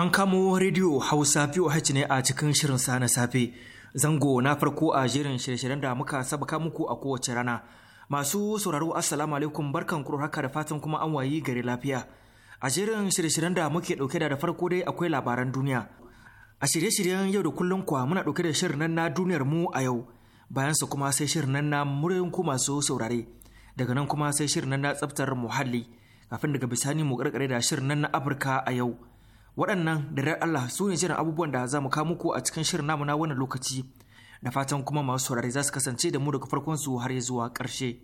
An kamo rediyo Hausa VOH ne a cikin shirin sa na safe. Zango na farko a jerin shirye-shiryen da muka sabaka muku a kowace rana. Masu sauraro Assalamu alaikum barkan kuro haka da fatan kuma an wayi gari lafiya. A jerin shirye-shiryen da muke dauke da da farko dai akwai labaran duniya. A shirye-shiryen yau da kullum kuwa muna dauke da shirin nan na duniyar mu a yau. Bayan su kuma sai shirin nan na muryoyin ku masu saurare. Daga nan kuma sai shirin nan na tsaftar muhalli. Kafin daga bisani mu karkare da shirin nan na Afirka a yau. waɗannan da Allah su ne jiran abubuwan da za mu kawo muku a cikin shirin namu na wannan lokaci da fatan kuma masu saurare za su kasance da mu daga farkon su har zuwa ƙarshe.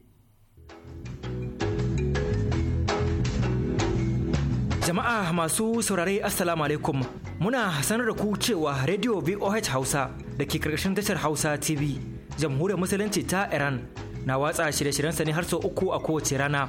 Jama'a masu saurare Assalamu alaikum muna sanar da ku cewa Radio VOH Hausa da ke karkashin tashar Hausa TV jamhuriyar musulunci ta Iran na watsa shirye shiryen ne har sau uku a kowace rana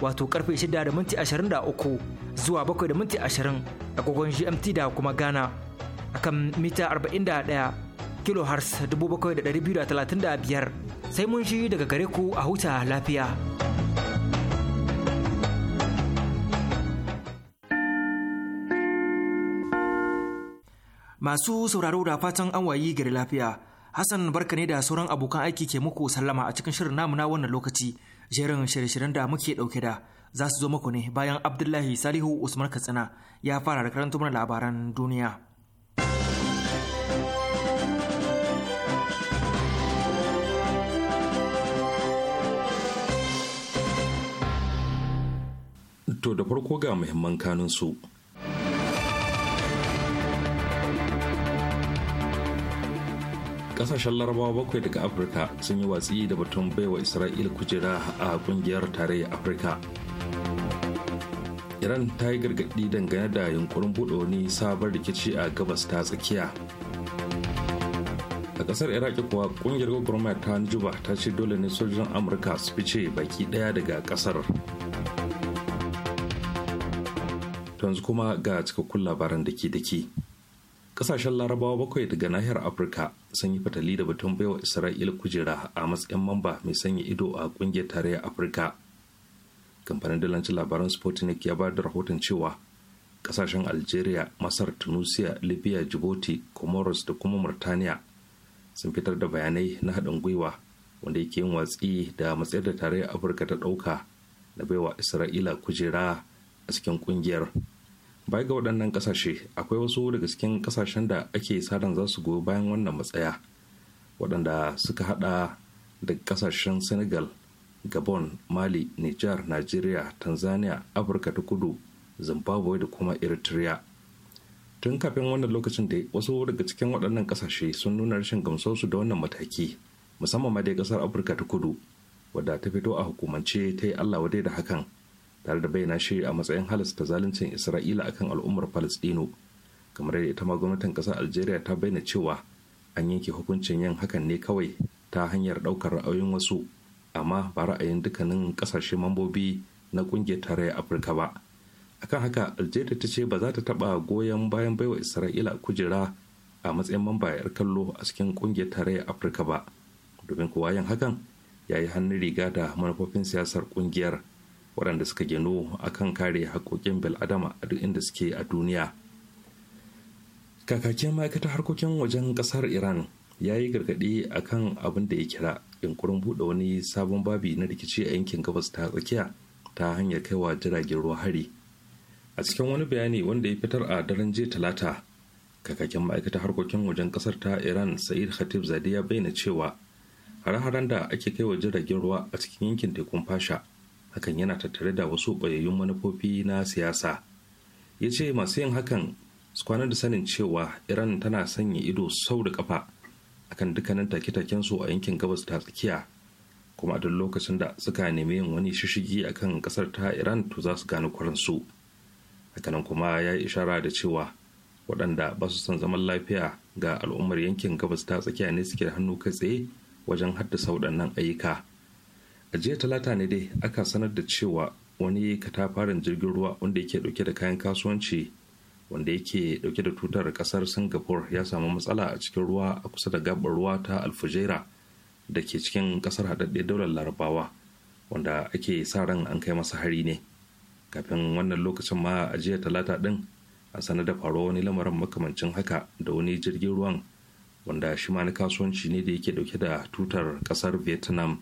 wato karfe 6 da minti 23 zuwa 7 da minti 20 agogon GMT da kuma Ghana akan mita 41 kilohertz 7,235 sai mun shi daga gare ku a huta lafiya. Masu sauraro da fatan an wayi gari lafiya. Hassan barka ne da sauran abokan aiki ke muku sallama a cikin shirin namu na wannan lokaci. jerin shirye-shiryen da muke ɗauke da za su zo muku ne bayan abdullahi salihu usman katsina ya fara da karanta mana labaran duniya to da farko ga muhimman kanunsu kasashen larabawa bakwai daga afirka sun yi watsi da batun baiwa isra'ila kujera a kungiyar tarayyar afirka iran ta yi gargaɗi dangane da yunkurin buɗe wani sabon rikici a gabas ta tsakiya a ƙasar iraki kuwa ƙungiyar gwagwarmaya ta Njuba ta ce dole ne sojojin amurka su fice baki ɗaya daga ƙasar yanzu kuma ga cikakkun labaran da ke dake. kasashen larabawa bakwai daga nahiyar afirka sun yi fatali da batun baiwa isra'ila kujera a matsayin mamba mai sanya ido a kungiyar tarayyar afirka kamfanin dalancin labaran sputnik ya ba da rahoton cewa kasashen algeria masar tunisia libya djibouti comoros da kuma murtaniya sun fitar da bayanai na haɗin gwiwa wanda yake yin watsi da matsayar da tarayyar afirka ta ɗauka na baiwa isra'ila kujera a cikin kungiyar baya ga waɗannan ƙasashe akwai wasu daga cikin ƙasashen da ake saran za su goyi bayan wannan matsaya waɗanda suka haɗa da ƙasashen senegal gabon mali niger nigeria tanzania afirka ta kudu zimbabwe da kuma eritrea tun kafin wannan lokacin da wasu daga cikin waɗannan ƙasashe sun nuna rashin gamsarsu da wannan mataki musamman ma dai ƙasar afirka ta kudu wadda ta fito a hukumance ta yi allah wadai da hakan tare da bayyana shi a matsayin halasta zaluncin isra'ila akan al'ummar palestino kamar yadda ita ma gwamnatin ƙasar algeria ta bayyana cewa an yanke hukuncin yin hakan ne kawai ta hanyar ɗaukar ra'ayoyin wasu amma ba ra'ayin dukkanin ƙasashe mambobi na ƙungiyar tarayyar afirka ba akan haka algeria ta ce ba za ta taɓa goyon bayan baiwa isra'ila kujera a matsayin mamba yar kallo a cikin ƙungiyar tarayyar afirka ba domin kowa yin hakan ya yi hannun riga da manufofin siyasar ƙungiyar waɗanda suka a kan kare haƙoƙin bil'adama a duk inda suke a duniya kakakin ma'aikatar harkokin wajen ƙasar iran ya yi gargaɗi kan abin da ya kira yunkurin buɗe wani sabon babi na rikici a yankin gabas ta tsakiya ta hanyar kaiwa jiragen ruwa hari a cikin wani bayani wanda ya fitar a daren jiya talata kakakin ma'aikatar harkokin wajen ƙasar ta iran sa'id khatib zadi ya bayyana cewa hare-haren da ake kaiwa jiragen ruwa a cikin yankin tekun fasha hakan yana tattare da wasu ɓoyayyun manufofi na siyasa ya ce masu yin hakan su kwana da sanin cewa iran tana sanya ido sau da kafa akan dukkanin take-taken su a yankin gabas ta tsakiya kuma a duk lokacin da suka nemi yin wani shishigi akan kasar ta iran to za su gane kwaransu hakanan kuma ya yi ishara da cewa waɗanda ba su son zaman lafiya ga al'ummar yankin gabas ta tsakiya ne suke hannu kai tsaye wajen haddasa waɗannan ayyuka a jiya talata ne dai aka sanar da cewa wani katafaren jirgin ruwa wanda yake dauke da kayan kasuwanci wanda yake dauke da tutar kasar singapore ya samu matsala a cikin ruwa a kusa da gabar ruwa ta alfujera da ke cikin kasar haɗaɗɗe daular larabawa wanda ake sa ran an kai masa hari ne kafin wannan lokacin ma a jiya talata ɗin a sanar da faruwa wani lamarin makamancin haka da wani jirgin ruwan wanda shi ma na kasuwanci ne da yake dauke da tutar kasar vietnam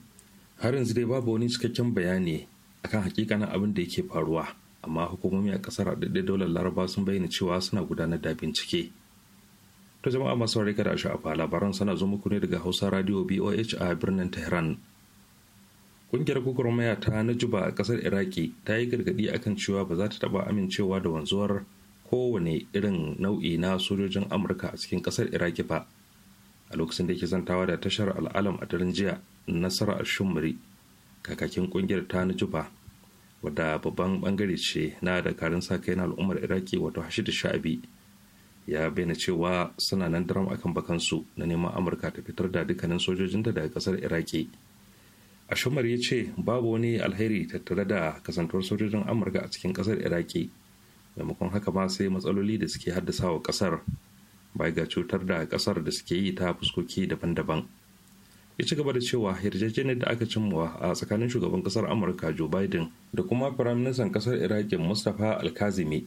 har yanzu dai babu wani cikakken bayani akan hakikanin abin da yake faruwa amma hukumomi a kasar haɗaɗɗen daular laraba sun bayyana cewa suna gudanar da bincike to jama'a masu kada shi a labaran sana zo muku ne daga hausa radio boh a birnin tehran kungiyar gwagwarmaya ta najuba a kasar iraki ta yi gargaɗi akan cewa ba za ta taɓa amincewa da wanzuwar kowane irin nau'i na sojojin amurka a cikin kasar iraki ba a lokacin da yake zantawa da tashar al'alam a daren jiya nasara shumri kakakin kungiyar ta najuba wadda babban bangare ce na dakarun sa kai na al'ummar iraki wato hashidu sha'abi ya bayyana cewa suna nan daram akan bakansu na neman amurka ta fitar da dukkanin sojojin sojojinta daga kasar iraki ashumar ya ce babu wani alheri tattare da kasantar sojojin amurka a cikin kasar iraki maimakon haka ma sai matsaloli da suke haddasa wa kasar bai ga cutar da kasar da suke yi ta fuskoki daban-daban ya ci gaba da cewa yarjejeniyar da aka cimma a tsakanin shugaban kasar amurka joe biden da kuma firaministan kasar iraki mustapha alkazimi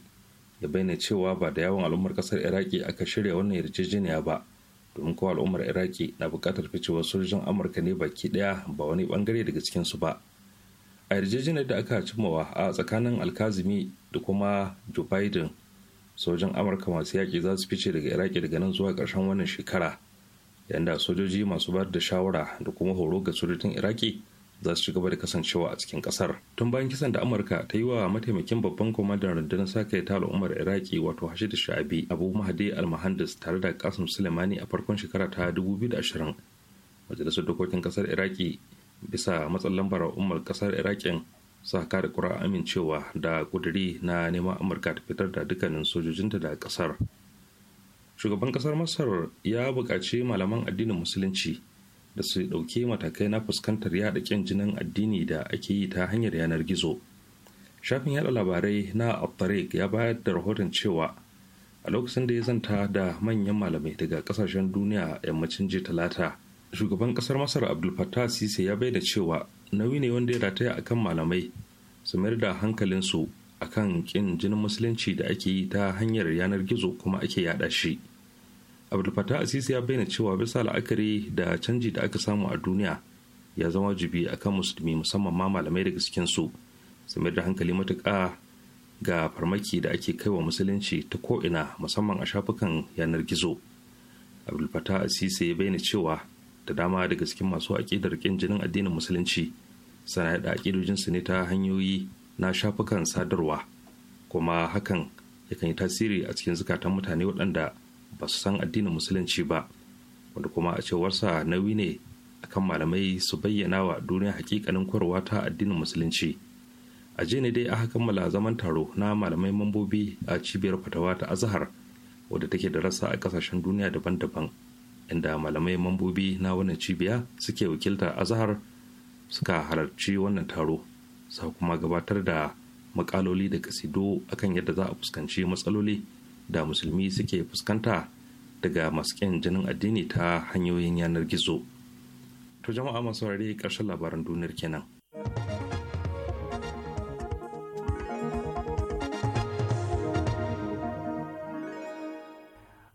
ya bayyana cewa ba da yawan al'ummar kasar iraki aka shirya wannan yarjejeniya ba domin kowa al'ummar iraki na buƙatar ficewar sojojin amurka ne baki ɗaya ba wani bangare daga cikinsu ba a yarjejeniyar da aka cimmawa a tsakanin alkazimi da kuma joe biden sojin amurka masu yaƙi za su fice daga iraki daga nan zuwa ƙarshen wannan shekara yanda sojoji masu bayar da shawara da kuma horo ga sojojin iraki za su ci gaba da kasancewa a cikin kasar tun bayan kisan da amurka ta yi wa mataimakin babban kwamandan rundunar sa kai ta al'ummar iraki wato hashidu sha'abi abu mahadi almahandis tare da kasim sulemani a farkon shekara ta 2020 majalisar dokokin kasar iraki bisa matsan lambar al'ummar kasar irakin sa da kura amincewa da kuduri na neman amurka ta fitar da dukkanin sojojinta da kasar shugaban kasar masar ya buƙaci malaman addinin musulunci da su ɗauki matakai na fuskantar yaɗa ƙin jinin addini da ake yi ta hanyar yanar gizo shafin yaɗa labarai na abtarik ya bayar da rahoton cewa a lokacin da ya zanta da manyan malamai daga ƙasashen duniya yammacin jiya talata shugaban ƙasar masar abdul fattah sise ya bayyana cewa nauyi ne wanda ya rataya akan malamai su mayar da hankalinsu akan ƙin jinin musulunci da ake yi ta hanyar yanar gizo kuma ake yaɗa shi abdulfatah asisi ya bayyana cewa bisa la'akari da canji da aka samu a duniya ya zama wajibi akan musulmi musamman ma malamai daga cikin su mayar da hankali matuƙa ga farmaki da ake kaiwa musulunci ta ko'ina musamman a shafukan yanar gizo abdulfatah asisi ya bayyana cewa da dama daga cikin masu aƙidar ƙin jinin addinin musulunci sana da su ne ta hanyoyi na shafukan sadarwa kuma hakan yakan yi tasiri a cikin zukatan mutane waɗanda ba su san addinin musulunci ba wanda kuma a cewarsa nauyi ne akan malamai su bayyana wa duniya hakikanin kwarwa ta addinin musulunci a ne dai aka kammala zaman taro na malamai mambobi a cibiyar fatawa ta azahar wadda take da rasa a kasashen duniya daban-daban inda malamai mambobi na wannan cibiya suke wakiltar azahar suka halarci wannan taro sa kuma gabatar da makaloli da kasido akan yadda za a fuskanci matsaloli da musulmi suke fuskanta daga masu ƙin jinin addini ta hanyoyin yanar gizo to jama'a masu saurare ƙarshen labaran duniyar kenan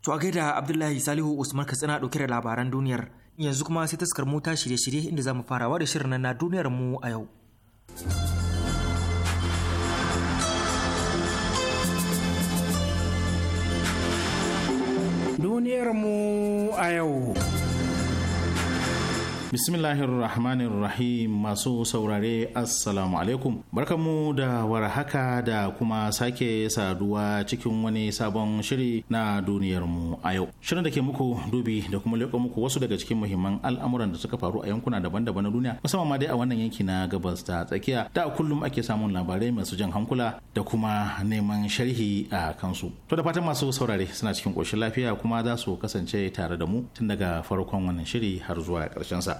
To a gaida Abdullahi Salihu Usman Katsina ɗauke da labaran duniyar yanzu kuma sai taskar mota shirye-shirye inda za mu farawa da shirin na duniyar mu a yau. duniyarmu a yau. Bismillahirrahmanirrahim masu saurare Assalamu alaikum. barkamu da warhaka da kuma sake saduwa cikin wani sabon shiri na duniyarmu a yau. Shirin da ke muku dubi da kuma leƙo muku wasu daga cikin muhimman al'amuran da suka faru a yankuna daban-daban na duniya musamman ma dai a wannan yanki na gabas da tsakiya da kullum ake samun labarai masu jan hankula da kuma neman sharhi a kansu. To da fatan masu saurare suna cikin ƙoshin lafiya kuma za su kasance tare da mu tun daga farkon wannan shiri har zuwa ƙarshen sa.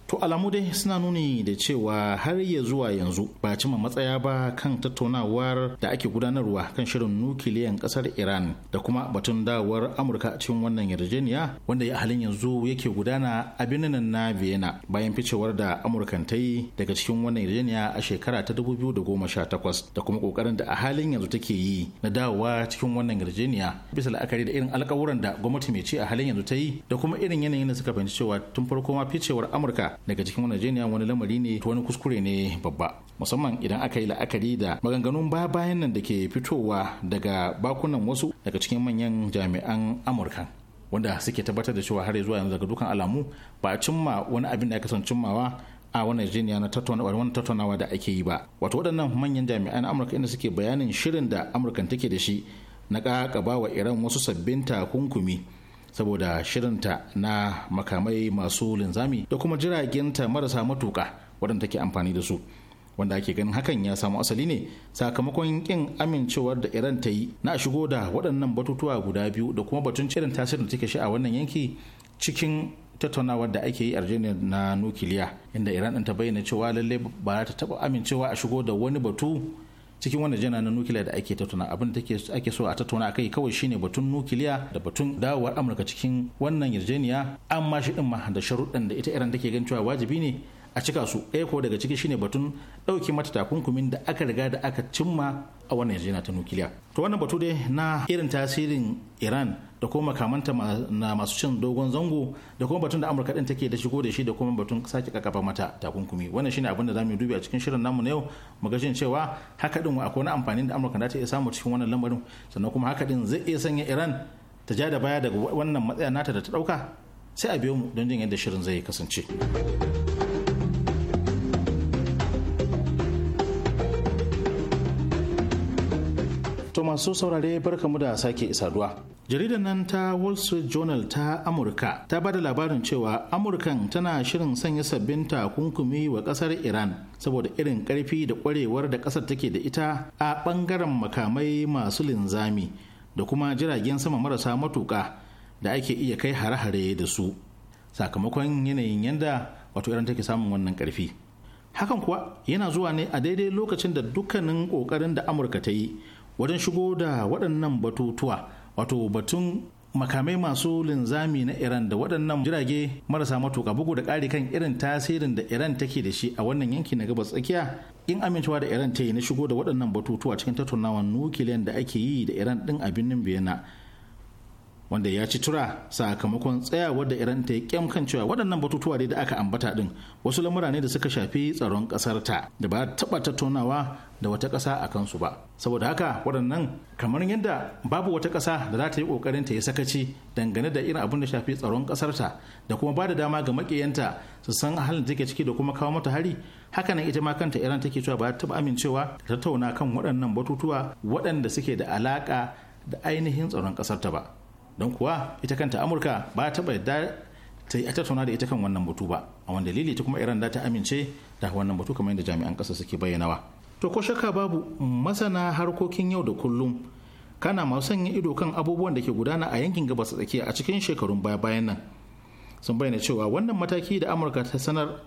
To alamu dai suna nuni da cewa har ya zuwa yanzu ba cima matsaya ba kan tattaunawar da ake gudanarwa kan shirin nukiliyan kasar Iran da kuma batun dawowar Amurka cikin wannan yarjejeniya wanda ya halin yanzu yake gudana a birnin na Vienna bayan ficewar da Amurkan ta yi daga cikin wannan yarjejeniya a shekara ta dubu biyu da goma sha da kuma kokarin da a halin yanzu take yi na dawowa cikin wannan yarjejeniya bisa la'akari da irin alkawuran da gwamnati mai ci a halin yanzu ta yi da kuma irin yanayin da suka fahimci cewa tun farko ma ficewar Amurka daga cikin wani jeniya wani lamari ne to wani kuskure ne babba musamman idan aka yi la'akari da maganganun baya bayan nan da ke fitowa daga bakunan wasu daga cikin manyan jami'an amurka wanda suke tabbatar da cewa har zuwa yanzu daga dukan alamu ba a cimma wani abin da aka son cimmawa a wannan jiniya na tattaunawa da ake yi ba wato waɗannan manyan jami'an amurka inda suke bayanin shirin da amurka take da shi na ƙaƙaba wa iran wasu sabbin takunkumi saboda shirinta na makamai masu linzami da kuma jiragenta marasa matuka waɗanda take amfani da su wanda ake ganin hakan ya samu asali ne sakamakon kin amincewar da iran ta yi na shigo da waɗannan batutuwa guda biyu da kuma batun cirin tasirin da take shi a wannan yanki cikin tattaunawar da ake yi arjini na nukiliya inda iran ɗin ta bayyana cewa lallai ba ta taɓa amincewa a shigo da wani batu cikin wannan jana na nukiliya da ake tattauna abin da ake so a tattauna akai kawai shine batun nukiliya da batun dawowar amurka cikin wannan yarjejeniya amma shi din ma da sharuɗan da ita iran take gan cewa wajibi ne a cika su ɗaya ko daga ciki shine batun ɗauke mata takunkumin da aka riga da aka cimma a wannan yana ta nukiliya to wannan batu dai na irin tasirin iran da kuma makamanta na masu cin dogon zango da kuma batun da amurka din take da shigo da shi da kuma batun sake kakafa mata takunkumi wannan shine abin da zamu dubi a cikin shirin namu na yau mu ga cewa haka din akwai wani amfani da amurka da ta iya samu cikin wannan lamarin sannan kuma haka din zai iya sanya iran ta ja da baya daga wannan matsaya nata da ta dauka sai a biyo mu don jin yadda shirin zai kasance. To masu saurare barkamu da sake saduwa. Jaridar nan ta Wall Street Journal ta Amurka ta bada labarin cewa Amurkan tana shirin sanya sabbin takunkumi wa kasar Iran saboda irin karfi da kwarewar da kasar take da ita a bangaren makamai masu linzami da kuma jiragen sama marasa matuka da ake iya kai hare-hare da su sakamakon yanayin yanda wato Iran take samun wannan karfi. Hakan kuwa yana zuwa ne a daidai lokacin da dukkanin kokarin da Amurka ta yi wajen shigo da waɗannan batutuwa wato batun makamai masu linzami na iran da waɗannan jirage marasa matuka bugu da ƙari kan irin tasirin da iran take da shi a wannan yanki na gabas tsakiya in amincewa da iran ta yi na shigo da waɗannan batutuwa cikin tattaunawar nukiliyan da ake yi da iran ɗin a birnin vienna wanda ya ci tura sakamakon tsayawar da iran ta kyam kan cewa waɗannan batutuwa ne da aka ambata din wasu lamura ne da suka shafi tsaron ƙasar ta da ba taɓa tattaunawa da wata ƙasa a kansu ba saboda haka waɗannan kamar yadda babu wata ƙasa da za ta yi ƙoƙarin ta yi sakaci dangane da irin abin da shafi tsaron ƙasar ta da kuma ba da dama ga maƙiyanta su san halin da take ciki da kuma kawo mata hari haka nan ita ma kanta iran take cewa ba ta taɓa amincewa ta tattauna kan waɗannan batutuwa waɗanda suke da alaƙa da ainihin tsaron ƙasar ta ba don kuwa ita kanta amurka ba ta yarda ta yi tattauna da ita kan wannan batu ba a wani dalili ta kuma iran da ta amince da wannan batu kamar yadda jami'an ƙasa suke bayyanawa to ko shakka babu masana harkokin yau da kullum kana masu sanya ido kan abubuwan da ke gudana a yankin gabas tsakiya a cikin shekarun baya bayan nan sun bayyana cewa wannan mataki da amurka ta sanar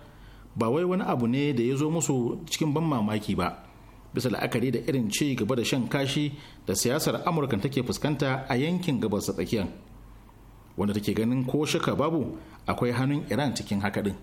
ba wai wani abu ne da ya zo musu cikin ban mamaki ba bisa la'akari da irin ci gaba da shan kashi da siyasar amurka take fuskanta a yankin gabas tsakiyar wanda take ganin ko shaka babu akwai hannun iran cikin haka din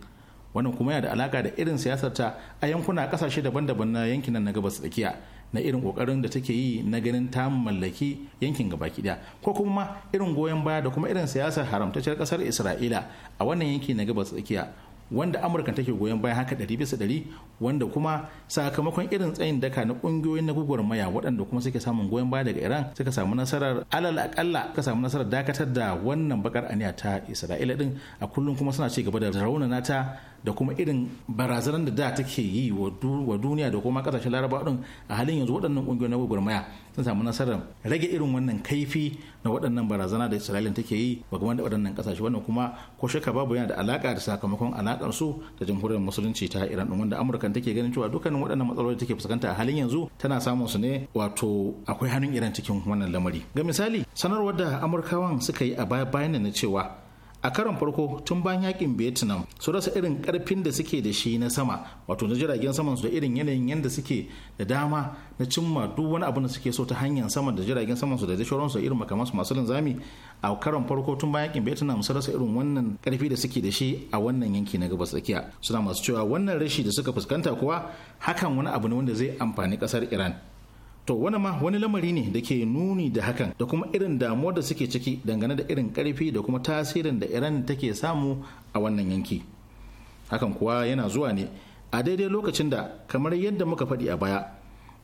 wannan kuma yana da alaka da irin siyasar ta a yankuna kasashe daban-daban na yankin nan na gabas tsakiya na irin kokarin da take yi na ganin ta mallaki yankin gaba daya ko kuma irin goyon baya da kuma irin siyasar haramtacciyar kasar isra'ila a wannan yanki na gabas tsakiya wanda amurka take goyon bayan haka ɗari bisa ɗari wanda kuma sakamakon irin tsayin daka na ƙungiyoyin na gwagwarmaya waɗanda kuma suke samun goyon baya daga iran suka samu nasarar alal akalla suka samu nasarar dakatar da wannan bakar aniya ta isra'ila din a kullum kuma suna ci gaba da raunana ta da kuma irin barazanar da da take yi wa duniya da kuma kasashen laraba din a halin yanzu waɗannan ƙungiyoyin na gwagwarmaya sun samu nasarar rage irin wannan kaifi na waɗannan barazana da isra'ila take yi wa game da waɗannan kasashe wannan kuma ko shaka babu yana da alaka da sakamakon alakar su da jamhuriyar musulunci ta iran din wanda amurka take ganin cewa dukkanin waɗannan matsaloli take fuskanta a halin yanzu tana samun su ne wato akwai hannun iran cikin wannan lamari ga misali sanarwar da amurkawan suka yi a baya bayan na cewa a karon farko tun bayan yakin vietnam su rasa irin karfin da suke da shi na sama wato na jiragen saman su da irin yanayin yadda suke da dama na cimma duk wani abu da suke so ta hanyar sama da jiragen saman su da da su irin makaman su masu linzami a karon farko tun bayan yakin vietnam su rasa irin wannan karfi da suke da shi a wannan yanki na gabas tsakiya suna masu cewa wannan rashi da suka fuskanta kuwa hakan wani abu ne wanda zai amfani kasar iran to wani ma wani lamari ne da ke nuni da hakan da kuma irin damuwar da suke ciki dangane da irin karfi da kuma tasirin da iran take samu a wannan yanki hakan kuwa yana zuwa ne a daidai lokacin da kamar yadda muka faɗi a baya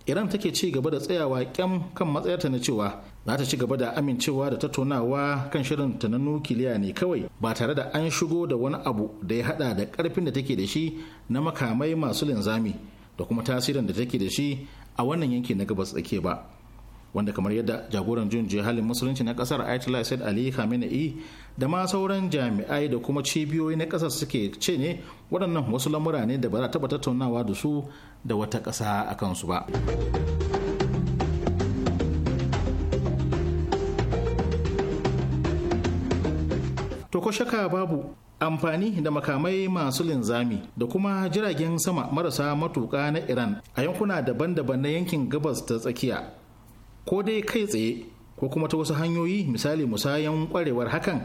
iran take ci gaba da tsayawa kyam kan matsayarta na cewa za ta ci gaba da amincewa da tattaunawa kan shirin ta na nukiliya ne kawai ba tare da an shigo da wani abu da ya hada da karfin da take da shi na makamai masu linzami da kuma tasirin da take da shi a wannan yanki na gabas tsakiya ba wanda kamar yadda jagoran jun halin musulunci na kasar ayatollah said ali khamenei da ma sauran jami'ai da kuma cibiyoyi na kasar suke ce ne waɗannan wasu lamura ne da ba za taɓa tattaunawa da su da wata ƙasa a kansu ba to ko shaka babu amfani da makamai masu linzami da kuma jiragen sama marasa matuƙa na iran a yankuna daban-daban na yankin gabas ta tsakiya ko dai kai tsaye ko kuma ta wasu hanyoyi misali musayan kwarewar hakan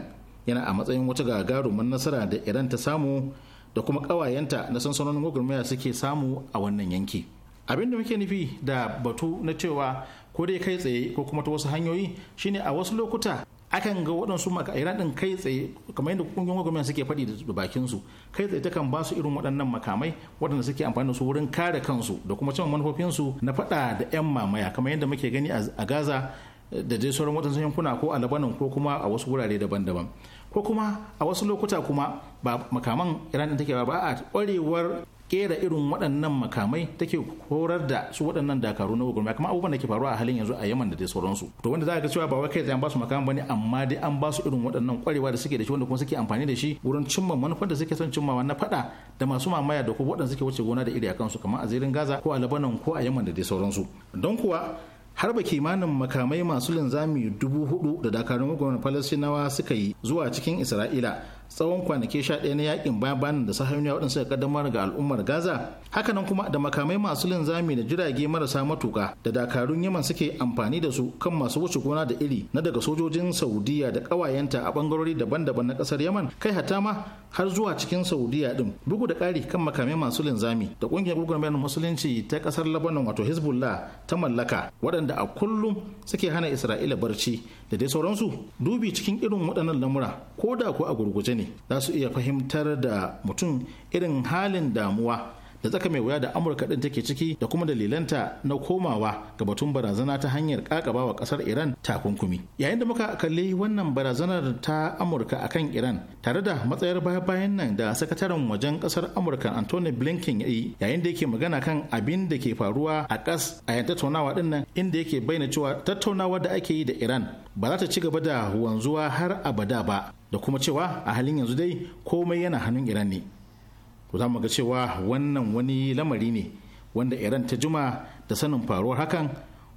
yana a matsayin wata gagarumin nasara da iran ta samu da kuma ƙawayenta na sansanonin gwagwarmaya suke samu a wannan yanki abin da muke nufi da batu na cewa ko dai kai tsaye ko kuma ta wasu hanyoyi shine a wasu lokuta akan ga waɗansu iran ɗin kai tsaye kamar yadda ƙungiyar gwamnati suke faɗi da bakin su kai tsaye takan ba su irin waɗannan makamai waɗanda suke amfani da su wurin kare kansu da kuma cin manufofinsu na faɗa da 'yan mamaya kamar yadda muke gani a gaza eh, da dai sauran waɗansu yankuna ko a labanan ko kuma a wasu wurare daban-daban ko kuma a wasu lokuta kuma ba makaman iran ɗin take ba ba a ƙwarewar kera irin waɗannan makamai take horar da su waɗannan dakaru na gwagwarmaya kuma abubuwan da ke faruwa a halin yanzu a Yemen da dai sauransu to wanda za ka ga cewa ba wai kai an ba su makaman bane amma dai an ba su irin waɗannan kwarewa da suke da shi wanda kuma suke amfani da shi wurin cimma manufar da suke son cimmawa na faɗa da masu mamaya da kuma waɗanda suke wuce gona da iri a kansu kamar a zirin Gaza ko a Lebanon ko a Yemen da dai sauransu don kuwa harba kimanin makamai masu linzami dubu hudu da dakarun gwamnatin falasinawa suka yi zuwa cikin isra'ila tsawon kwanaki sha ɗaya na yakin bayan bayan da sahamiya waɗansu suka kaddamar ga al'ummar gaza hakanan kuma da makamai masu linzami da jirage marasa matuka da dakarun yaman suke amfani da su kan masu wuce gona da iri na daga sojojin saudiya da ƙawayenta a ɓangarori daban-daban na ƙasar yaman kai hata ma har zuwa cikin saudiya ɗin bugu da ƙari kan makamai masu linzami da ƙungiyar gwagwarmayar musulunci ta ƙasar labanon wato hezbollah ta mallaka waɗanda a kullum suke hana isra'ila barci da dai sauransu dubi cikin irin waɗannan lamura ko da ko a gurguje ne za su iya fahimtar da mutum irin halin damuwa da tsaka mai wuya da amurka din take ciki da kuma dalilanta na komawa ga batun barazana ta hanyar kakabawa kasar iran takunkumi yayin da muka kalli wannan barazanar ta amurka akan iran tare da matsayar baya-bayan nan da sakataren wajen kasar amurka antony blinken ya yi yayin da yake magana kan abin da ke faruwa a kas a yan tattaunawa din nan inda yake bayyana cewa tattaunawa da ake yi da iran ba za ta ci gaba da wanzuwa har abada ba da kuma cewa a halin yanzu dai komai yana hannun iran ne to za mu ga cewa wannan wani lamari ne wanda iran ta juma da sanin faruwar hakan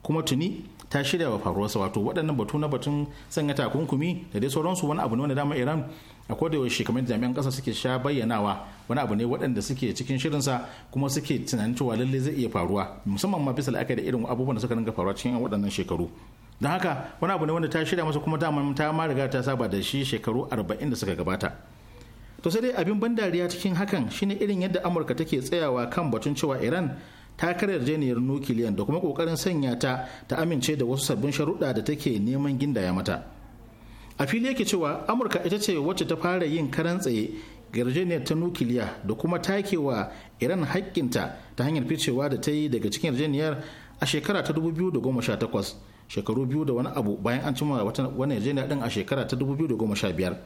kuma tuni ta shirya wa faruwar sa wato waɗannan batu na batun sanya takunkumi da dai sauransu wani abu ne wanda dama iran a koda yaushe kamar jami'an ƙasa suke sha bayyanawa wani abu ne waɗanda suke cikin shirinsa kuma suke tunanin cewa lallai zai iya faruwa musamman ma bisa la'akari da irin abubuwan da suka dinga faruwa cikin waɗannan shekaru don haka wani abu ne wanda ta shirya masa kuma dama ta ma riga ta saba da shi shekaru arba'in da suka gabata to sai dai abin ban dariya cikin hakan shine irin yadda amurka take tsayawa kan batun cewa iran ta kare yarjejeniyar nukiliyan da kuma kokarin sanya ta ta amince da wasu sabbin sharuɗa da take neman gindaya mata a fili yake cewa amurka ita ce wacce ta fara yin karan tsaye yarjejeniyar ta nukiliya da kuma wa iran haƙƙinta ta hanyar ficewa da ta yi daga cikin yarjejeniyar a shekara ta 2018 shekaru biyu da wani abu bayan an cimma wani yarjejeniyar din a shekara ta 2015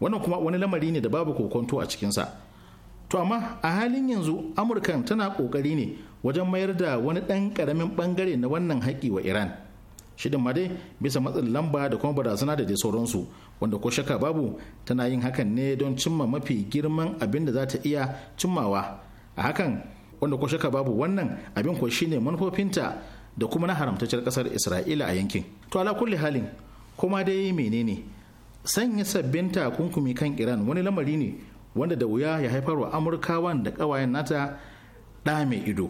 wannan kuma wani lamari ne da babu kokonto a cikinsa to amma a halin yanzu amurka tana kokari ne wajen mayar da wani ɗan ƙaramin ɓangare na wannan haƙi wa iran shidin ma dai bisa matsin lamba da kuma barazana da dai sauransu wanda ko shaka babu tana yin hakan ne don cimma mafi girman abin da za ta iya cimmawa a hakan wanda ko shaka babu wannan abin ko shine manufofinta da kuma na haramtacciyar kasar isra'ila a yankin to ala kulli halin kuma dai menene sanya sabbin takunkumi kan iran wani lamari ne wanda da wuya ya haifar wa amurkawan da kawayen nata ɗa mai ido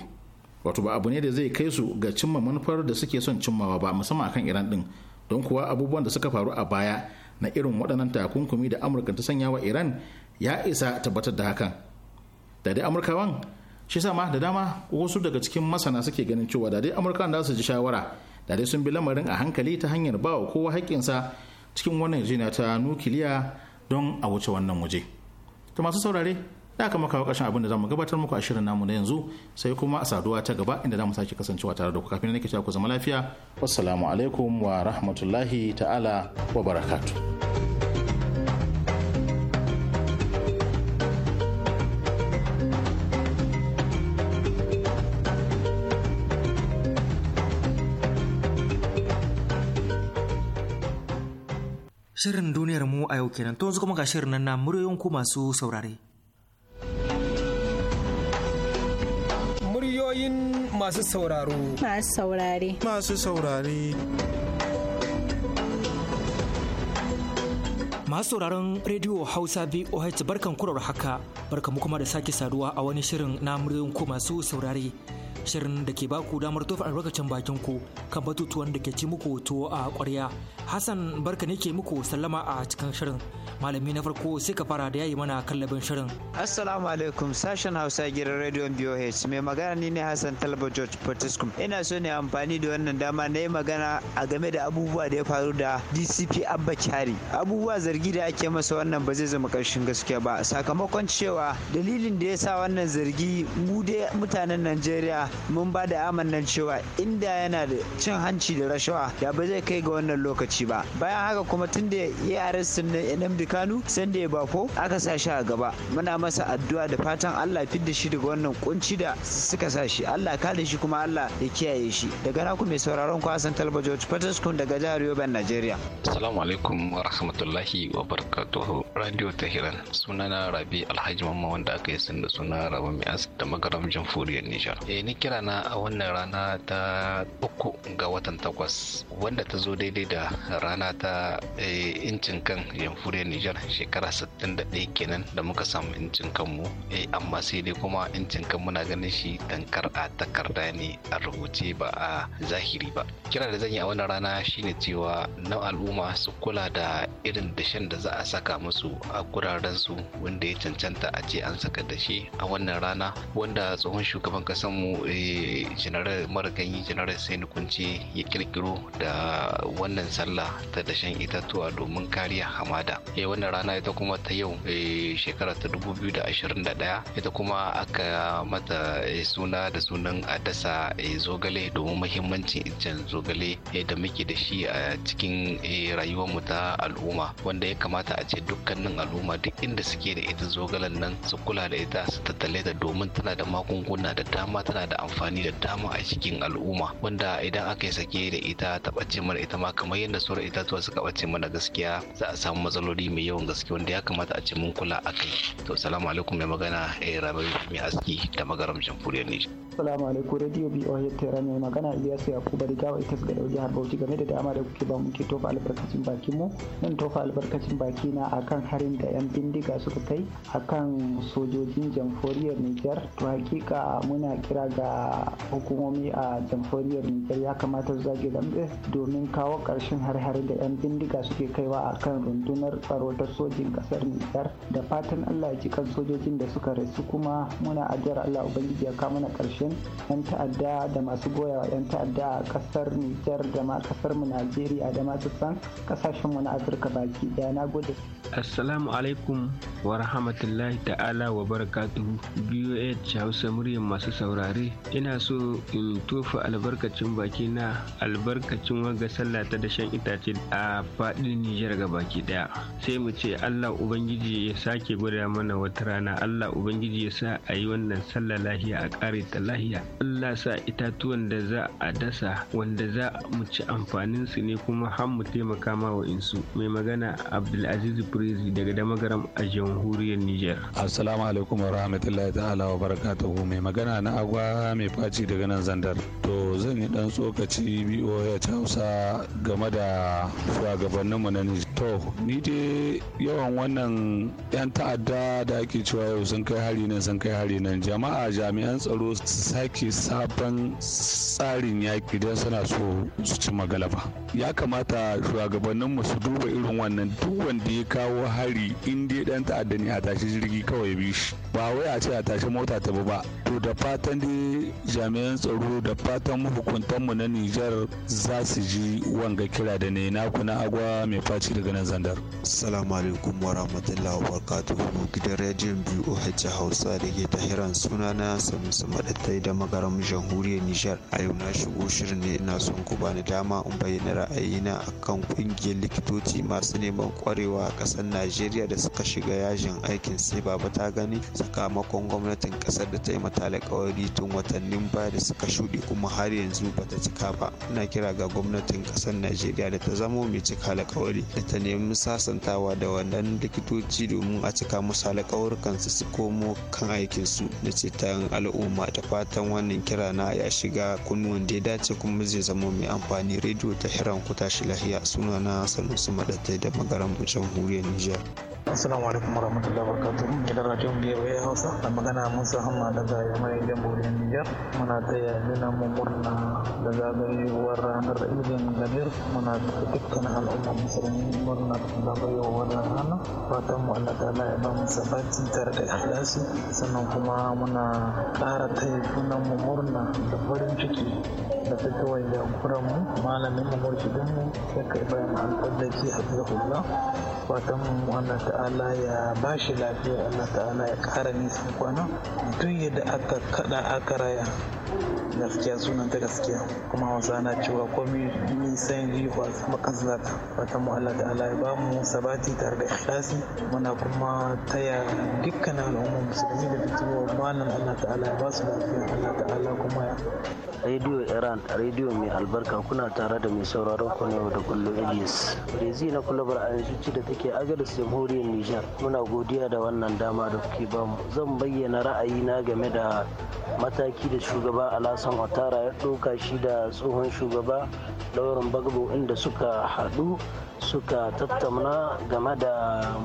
wato ba abu ne da zai kai su ga cimma manufar da suke son cimmawa ba musamman akan iran din don kuwa abubuwan da suka faru a baya na irin waɗannan takunkumi da amurka ta sanya wa iran ya isa tabbatar da hakan da dai amurkawan shi sama da dama wasu daga cikin masana suke ganin cewa da dai amurkawan za su ji shawara da dai sun bi lamarin a hankali ta hanyar ba wa kowa haƙƙinsa cikin wannan yarjejeniya ta nukiliya don a wuce wannan waje ta masu saurare da aka maka ƙarshen abin da za mu gabatar muku a shirin namu na yanzu sai kuma a saduwa ta gaba inda za mu sake kasancewa tare da ku kafin nake cewa ku zama lafiya wassalamu alaikum wa rahmatullahi ta'ala wa barakatuh Shirin duniyar mu a yau kenan to yanzu kuma ga shirin nan na muryoyin ku masu saurare. Muryoyin masu sauraro. Masu saurare. Masu saurare. Masu sauraron rediyo Hausa VOH barkan kurar haka barkamu kuma da sake saduwa a wani shirin na muryoyin ku masu saurare. shirin da ke baku damar tofa albarkacin bakin ku kan batutuwan da ke ci muku tuwo a kwarya. Hassan barka ne ke muku sallama a cikin shirin. Malami na farko sai ka fara da ya yi mana kallabin shirin. Assalamu alaikum sashen Hausa gidan Radio BOH mai magana ni ne Hassan Talba George Potiskum. Ina so ne amfani da wannan dama na yi magana a game da abubuwa da ya faru da DCP Abba Kyari. Abubuwa zargi da ake masa wannan ba zai zama ƙarshen gaskiya ba sakamakon cewa dalilin da ya sa wannan zargi mu dai mutanen Najeriya mun ba da amannan cewa inda yana da cin hanci da rashawa da ba zai kai ga wannan lokaci ba bayan haka kuma tun da ya arrestin na Nnamdi Kanu sanda ya bafo, aka sa shi a gaba muna masa addu'a da fatan Allah fidda shi daga wannan kunci da suka sa shi Allah kada shi kuma Allah ya kiyaye shi daga naku mai sauraron ku Hassan Talba George Fataskun daga jihar Yobe Najeriya Assalamu alaikum wa rahmatullahi wa barakatuhu Radio tahiran sunana Rabi Alhaji Mamman wanda aka yi sun da suna Rabi Mai da magaram jamhuriyar Nijar eh, kira na a wannan rana ta uku ga watan takwas wanda ta zo daidai da rana ta eh, incin kan jamhuriyar Nijar shekara 61 kenan da muka samu incin kanmu eh, amma sai dai kuma incin kan muna ganin shi tankar a takarda ne a rubuce ba a zahiri ba. Kira da zan yi a wannan rana shine cewa na al'umma su kula da irin dashen da za a saka musu a guraren su wanda ya cancanta a ce an saka dashe a wannan rana wanda tsohon shugaban kasanmu janar eh, marigayi janar sai kunce ya kirkiro da wannan sallah ta dashen itatuwa domin kariya hamada ya eh, wannan rana ita kuma ta yau eh, shekara ta 2021 ita kuma aka mata suna da sunan a dasa zogale domin mahimmancin iccen zogale da muke da shi a cikin rayuwar mu ta al'umma wanda ya kamata a ce dukkanin al'umma duk inda suke da ita zogalen nan su kula da ita su tattale ta domin tana da magunguna da dama tana da amfani da dama a cikin al'umma wanda idan aka yi sake da ita ta ɓace mana ita ma kamar yadda sauran itatuwa suka ɓace mana gaskiya za a samu matsaloli mai yawan gaske wanda ya kamata a ce mun kula a kai to salamu alaikum mai magana a eh, rabi mai aski da magaram jamhuriyar Nijar. Assalamu alaikum Radio BOH Tehran mai magana Ilyas Yakuba Rigawa ita ga har Bauchi game da dama da kuke ba mu ke tofa albarkacin bakin mu. Nan tofa albarkacin baki na akan harin da yan bindiga suka kai akan sojojin jamhuriyar Nijar. To hakika muna kira ga hukumomi a jamhuriyar Nijar ya kamata su zage dambe domin kawo ƙarshen har-harin da yan bindiga suke kaiwa akan rundunar tsaro ta sojin kasar Nijar. Da fatan Allah ya ji kan sojojin da suka rasu kuma muna addu'ar Allah Ubangiji ya kawo mana ƙarshen ƙungiyoyin 'yan ta'adda da masu goyawa 'yan ta'adda a kasar nijar da ma ƙasar mu najeriya da ma sassan ƙasashen mu na afirka baki daya na gode assalamu alaikum wa rahmatullahi ta'ala wa barakatuhu boh hausa muryar masu saurare ina so in tofa albarkacin baki na albarkacin wanga sallah ta dashen itace a faɗin nijar ga baki ɗaya sai mu ce allah ubangiji ya sake gwada mana wata rana allah ubangiji ya sa a yi wannan sallah lahiya a ƙare ta lahiya Allah sa itatuwan da za a dasa wanda za mu ci amfanin su ne kuma har mu taimaka ma wa insu mai magana Abdulaziz Prezi daga Damagaram a jamhuriyar Niger Assalamu alaikum wa rahmatullahi ta'ala wa barakatuhu mai magana na agwa mai faci daga nan zandar to zan yi dan tsokaci BOH Hausa game da shugabanninmu na Niger to ni dai yawan wannan 'yan ta'adda da ake cewa yau sun kai hari nan sun kai hari nan jama'a jami'an tsaro sake sabon tsarin yaƙi don suna so su ci magalaba ya kamata shugabanninmu su duba irin wannan duk wanda ya kawo hari in dai dan ta'adda ne a tashi jirgi kawai bi shi ba wai a ce a tashi mota ta ba to da fatan dai jami'an tsaro da fatan mahukuntanmu na Nijar za su ji wanga kira da ne na kuna agwa mai faci daga nan zandar. Assalamu alaikum wa rahmatullahi wa barakatuhu gidan rediyon biyu Hausa da ke tahiran sunana Sanusi Madatai da magaram jamhuriyar Nijar. A yau na shigo shirin ne ina son ku bani dama in bayyana ra'ayina akan kungiyar likitoci masu neman kwarewa a ƙasar Najeriya da suka shiga yajin aikin sai baba ta gani sakamakon gwamnatin ƙasar da ta yi mata alƙawari tun watannin baya da suka shuɗe kuma har yanzu ba ta cika ba. Ina kira ga gwamnatin ƙasar Najeriya da ta zamo mai cika alƙawari da ta nemi sasantawa da wannan likitoci domin a cika musu alƙawarkansu su komo kan aikinsu da ceton al'umma da fatan wannan kira na ya shiga kunnuwan da ya dace kuma zai zama mai amfani rediyo ta hiran ku tashi lahiya suna sunana sanusi madatai da magaran jamhuriyar nijar. Assalamu alaikum warahmatullahi wabarakatuh. Gidan Radio BOA Hausa da magana Musa Hamma daga Yamai Jamhuriyar Nijar. Muna taya nuna mu murna da zagayowar ranar Idin Gadir. Muna da dukkan al'umma musulmi murna da zagayowar rana. Fatan mu Allah ta'ala ya ba mu sabati tare da Sannan kuma muna ƙara taya nuna mu murna da farin ciki da fitowar jagoran mu malamin mu murshidin mu sai kai bayan an tsallake a zuwa fatan Allah ta'ala ya ba shi lafiya Allah ta'ala ya kara nisan kwana tun yadda aka kada aka raya gaskiya sunan ta gaskiya kuma wasa na cewa komi nisan riwa makazat fatan Allah ta'ala ya ba mu sabati tare da ikhlasi muna kuma taya dukkan al'umma musulmi da fitowa malam Allah ta'ala ya ba su lafiya Allah ta'ala kuma ya Radio Iran radio mai albarka kuna tare da mai sauraron ku ne da kullum Ilyas. Rezi na kullum a yanzu da take ke agadis jamhuriyar nijar muna godiya da wannan dama da kuke bamu zan bayyana ra'ayina game da mataki da shugaba alasan watara ya ɗauka shi da tsohon shugaba lauren bagbo inda suka haɗu suka tattauna game da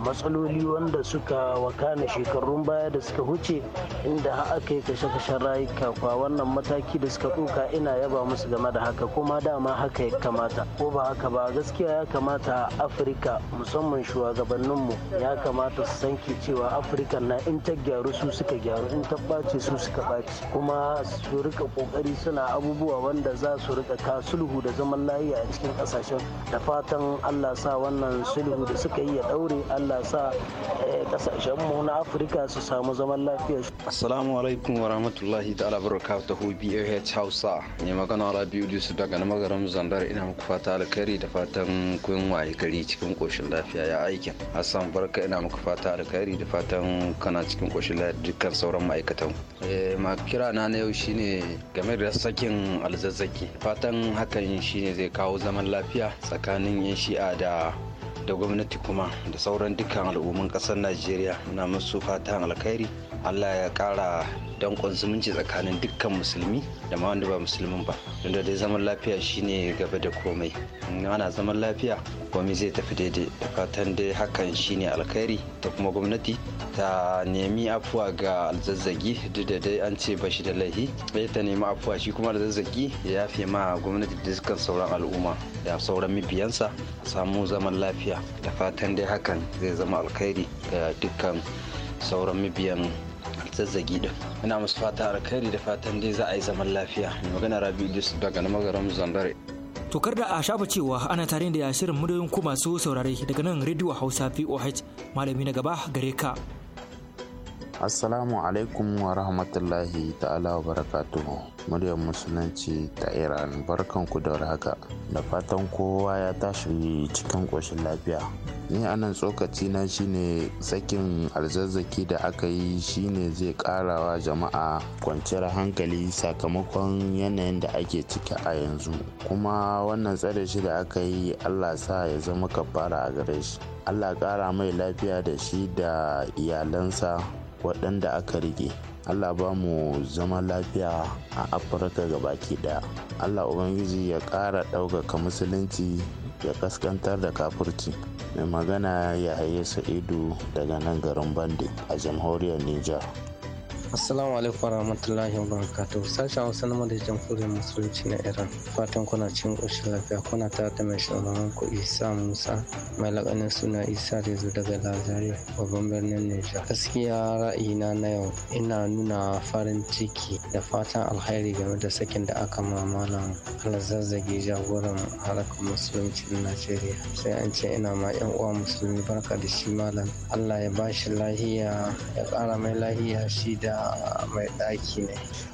matsaloli wanda suka wakana shekarun baya da suka huce inda aka yi kashe-kashen rayuka kwa wannan mataki da suka ɗauka ina yaba musu game da haka kuma dama haka ya kamata ko ba haka ba gaskiya ya kamata afirka musamman kan shugabanninmu ya kamata su sanke cewa afirka na in ta gyaru su suka gyaru in ta ɓace su suka ɓace kuma su rika kokari suna abubuwa wanda za su rika ka sulhu da zaman lahiya a cikin kasashen da fatan allah sa wannan sulhu da suka yi ya daure allah sa kasashen eh, mu na afirka su samu zaman lafiya assalamu alaikum wa rahmatullahi ta barakatuhu bh hausa ne magana rabiu yusuf daga magaram zandar ina muku fata alkhairi da fatan kun waye kari cikin koshin lafiya ya aikin hassan barka ina muku fata alkhairi da fatan kana cikin koshin lafiya dukkan sauran ma'aikatan eh, ma kira na na yau shine game da sakin alzazzaki fatan hakan shine zai kawo zaman lafiya tsakanin yan shi'a da da gwamnati kuma da sauran dukkan al'umman ƙasar najeriya na musu fatan alkhairi allah ya kara danƙon zumunci tsakanin dukkan musulmi da ma wanda ba musulmin ba inda dai zaman lafiya shine gaba da komai ana zaman lafiya komai zai tafi daidai da fatan dai hakan shine alkhairi ta kuma gwamnati ta nemi afuwa ga alzazzagi duk da dai an ce bashi da laihi ɗaya ta nemi afuwa shi kuma alzazzagi ya fi ma gwamnati da dukkan sauran al'umma da sauran mibiyansa a samu zaman lafiya da fatan dai hakan zai zama alkhairi ga dukkan sauran mibiyan alzazzagi din ina musu fata alkhairi da fatan dai za a yi zaman lafiya mai magana rabi idris daga namagaram To tokar da a shafa cewa ana tare da shirin muryoyin ku masu saurare daga nan rediyo hausa voh malami na gaba gare ka assalamu alaikum wa rahmatullahi ta'ala wa barakatuhu muryar musulunci ta iran barkan ku da haka da fatan kowa ya tashi cikin ƙoshin lafiya ni anan tsokaci na shine sakin alzazzaki da aka yi shine zai ƙara wa jama'a kwanciyar hankali sakamakon yanayin da ake ciki a yanzu kuma wannan tsare shi da aka yi allah sa ya zama kafara a gare shi allah ƙara mai lafiya da shi da iyalansa waɗanda aka rike Allah ba mu zama lafiya a Afirka ga baki daya. Allah Ubangiji ya ƙara ɗaukaka musulunci ya kaskantar da kafurci. Mai magana ya haye Sa'idu daga nan garin Bande a jamhuriyar niger. Assalamu alaikum warahmatullahi wabarakatuh. Sashen Hausa na madajin Jamhuriyar Musulunci na Iran. Fatan kuna cin ƙoshin lafiya kuna tare da mai shugaban ku Isa Musa mai lakanin suna Isa da zo daga Lazare babban birnin Nijar. Gaskiya ra'ayina na yau ina nuna farin ciki da fatan alkhairi game da sakin da aka ma malam alzazzage jagoran harkar musulunci na Najeriya. Sai an ce ina ma 'yan uwa musulmi barka da shi malam. Allah ya bashi lahiya ya ƙara mai lahiya shi da mai ɗaki ne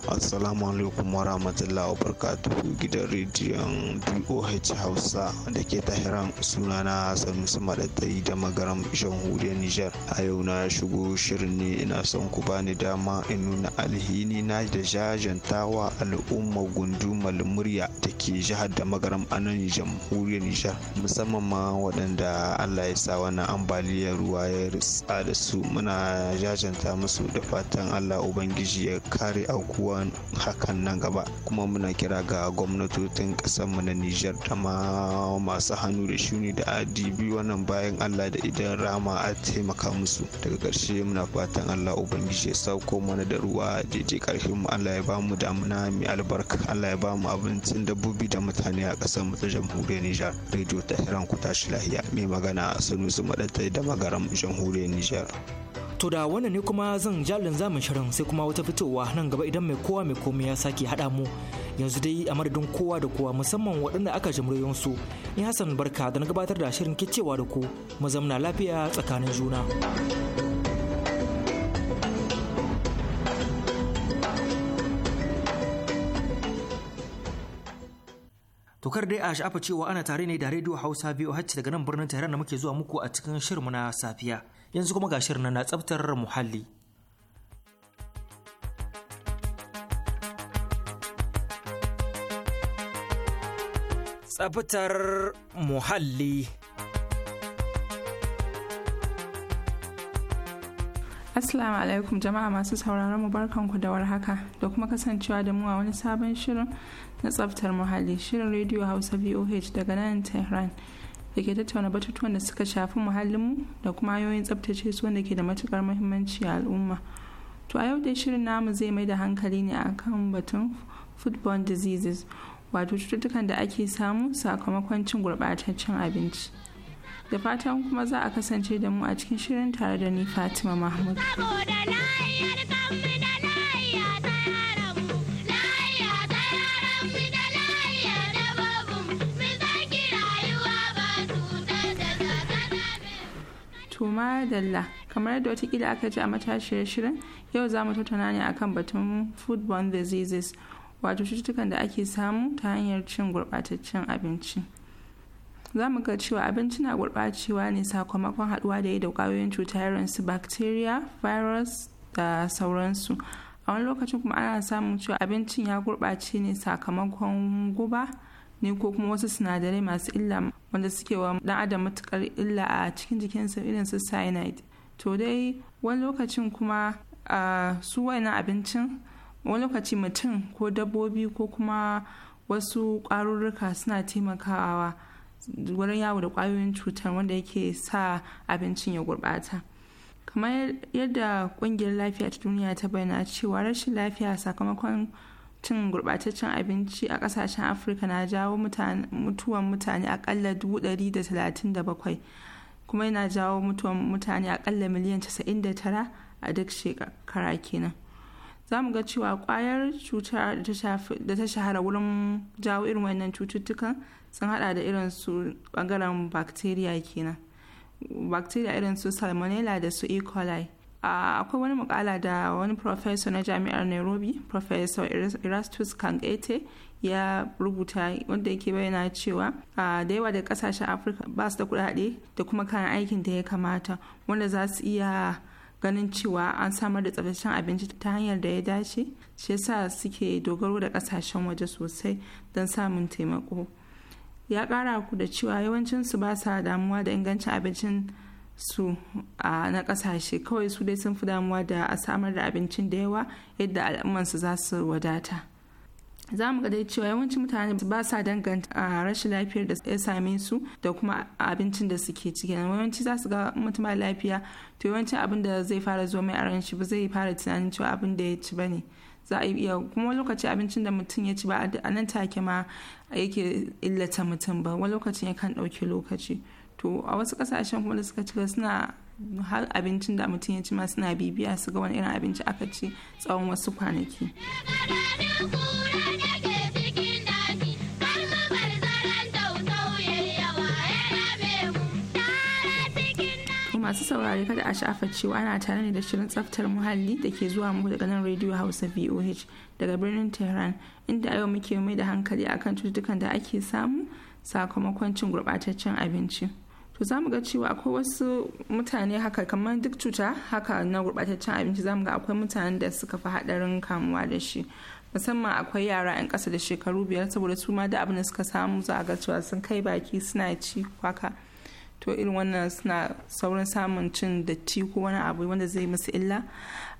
assalamu alaikum wa rahmatullahi wa gidan rediyon boh hausa da ke tahiran sunana hassan musamman da ta da magaram jamhuriyar nijar a yau na shigo shirin ne ina son ku bani dama in nuna alhini na da jajantawa al'umma gundumar murya da ke jihar da magaram a nan jamhuriyar nijar musamman ma waɗanda allah ya sa wannan ambaliyar ruwa ya ritsa da su muna jajanta musu da fatan allah Ubangiji ya kare aukuwan hakan nan gaba kuma muna kira ga gwamnatocin mu na Nijar da ma masu hannu da shuni da adibi wannan bayan Allah da idan rama a taimaka musu daga ƙarshe muna fatan Allah Ubangiji ya sauko mana da ruwa daidai ƙarfin mu Allah ya bamu damuna mai albarka Allah ya bamu abincin dabbobi da mutane a ƙasar mu ta jamhuriyar Nijar rediyo ta ku tashi lahiya mai magana Sanusi Madatai da magaram jamhuriyar Nijar. To da wannan ne kuma zan jalin zamin shirin sai kuma wata fitowa nan gaba idan mai kowa mai komai ya sake haɗa mu yanzu dai a madadin kowa da kowa musamman waɗanda aka jimre su in Hassan Barka da na gabatar da shirin kicewa da ku mu zamna lafiya tsakanin juna. Tokar dai a sha'afa cewa ana tare ne da Radio Hausa biyu har daga nan birnin Tehran da muke zuwa muku a cikin shirmu na safiya. yanzu kuma gashir na na tsaftar muhalli tsabtar muhalli Assalamu alaikum jama'a masu sauraron mu barkanku da warhaka da kuma kasancewa da mu a wani sabon shirin na tsaftar muhalli shirin rediyo Hausa VOH daga nan Tehran da ke tattauna batutuwan da suka shafi muhallinmu da kuma hanyoyin tsabtace su wanda ke da matukar muhimmanci a al'umma to a yau dai shirin namu zai mai da hankali ne akan batun foodborne diseases wato cututtukan da ake samu sakamakon cin gurbataccen abinci da fatan kuma za a kasance da mu a cikin shirin tare da ni fatima mahmud To dalla kamar yadda watakila aka ji a matashiyar shirin yau za mu tattauna ne akan batun foodborne diseases wato cututtukan da ake samu ta hanyar cin gurɓataccen abinci. za mu ga cewa abinci na gurɓacewa ne sakamakon haɗuwa da yi da ƙwayoyin cuta irin su bacteria virus da sauransu a wani lokacin kuma ana samun cewa abincin ya gurɓace ne sakamakon guba ne ko kuma wasu sinadarai masu illa wanda suke wa dan adam matukar illa a cikin jikinsa irin su cyanide to dai wani lokacin kuma a su wayannan abincin wani lokaci mutum ko dabbobi ko kuma wasu ƙwarurruka suna taimakawa wurin yawo da ƙwayoyin cutar wanda yake sa abincin ya gurɓata kamar yadda ƙungiyar lafiya ta duniya ta bayyana cewa rashin lafiya sakamakon cin gurbataccen abinci a ƙasashen afirka na jawo mutuwan mutane akalla 137 kuma yana jawo mutuwan mutane akalla miliyan 99 a duk shekara kenan za mu ga cewa kwayar cutar da ta shahara wurin jawo irin wannan cututtukan sun hada da irin su bangaren bacteria kenan bacteria irin su salmonella da su e. coli Ah, akwai wani mukala da wani professor na jami'ar nairobi professor erastus kangete ya rubuta wanda yake bayyana cewa ah, da yawa da kasashen afirka ba su da kudade da kuma kayan aikin da ya kamata wanda za su iya ganin cewa an samar da tsabtaccen abinci ta hanyar da ya dace shi yasa suke dogaro da kasashen waje sosai don samun taimako ya kara ku da cewa yawancinsu ba sa damuwa da ingancin abincin su a na kasashe kawai su dai sun fi damuwa da a samar da abincin da yawa yadda al'ummansu za su wadata za mu ga dai cewa yawancin mutane ba sa danganta a rashin lafiyar da ya same su da kuma abincin da suke ciki yawanci za su ga mutum lafiya to yawancin abin da zai fara zo mai a shi ba zai fara tunanin cewa abin da ya ci ba ne za a iya kuma lokaci abincin da mutum ya ci ba a nan take ma yake illata mutum ba wani lokacin ya kan ɗauki lokaci to a wasu kasashen kuma da suka cika suna har abincin da mutum ya ci ma suna bibiya su ga wani irin abinci aka ci tsawon wasu kwanaki masu saurari kada a shafa cewa ana tare ne da shirin tsaftar muhalli da ke zuwa muku daga nan radio hausa voh daga birnin tehran inda yau muke mai da hankali akan cututtukan da ake samu sakamakon cin gurɓataccen abinci. to za mu ga cewa akwai wasu mutane haka kamar duk cuta haka na gurɓataccen abinci za mu ga akwai mutanen da suka fi haɗarin kamuwa da shi musamman akwai yara 'yan ƙasa da shekaru biyar saboda su ma da abin da suka samu za a ga cewa sun kai baki suna ci kwaka to irin wannan suna saurin samun cin datti ko wani abu wanda zai musu illa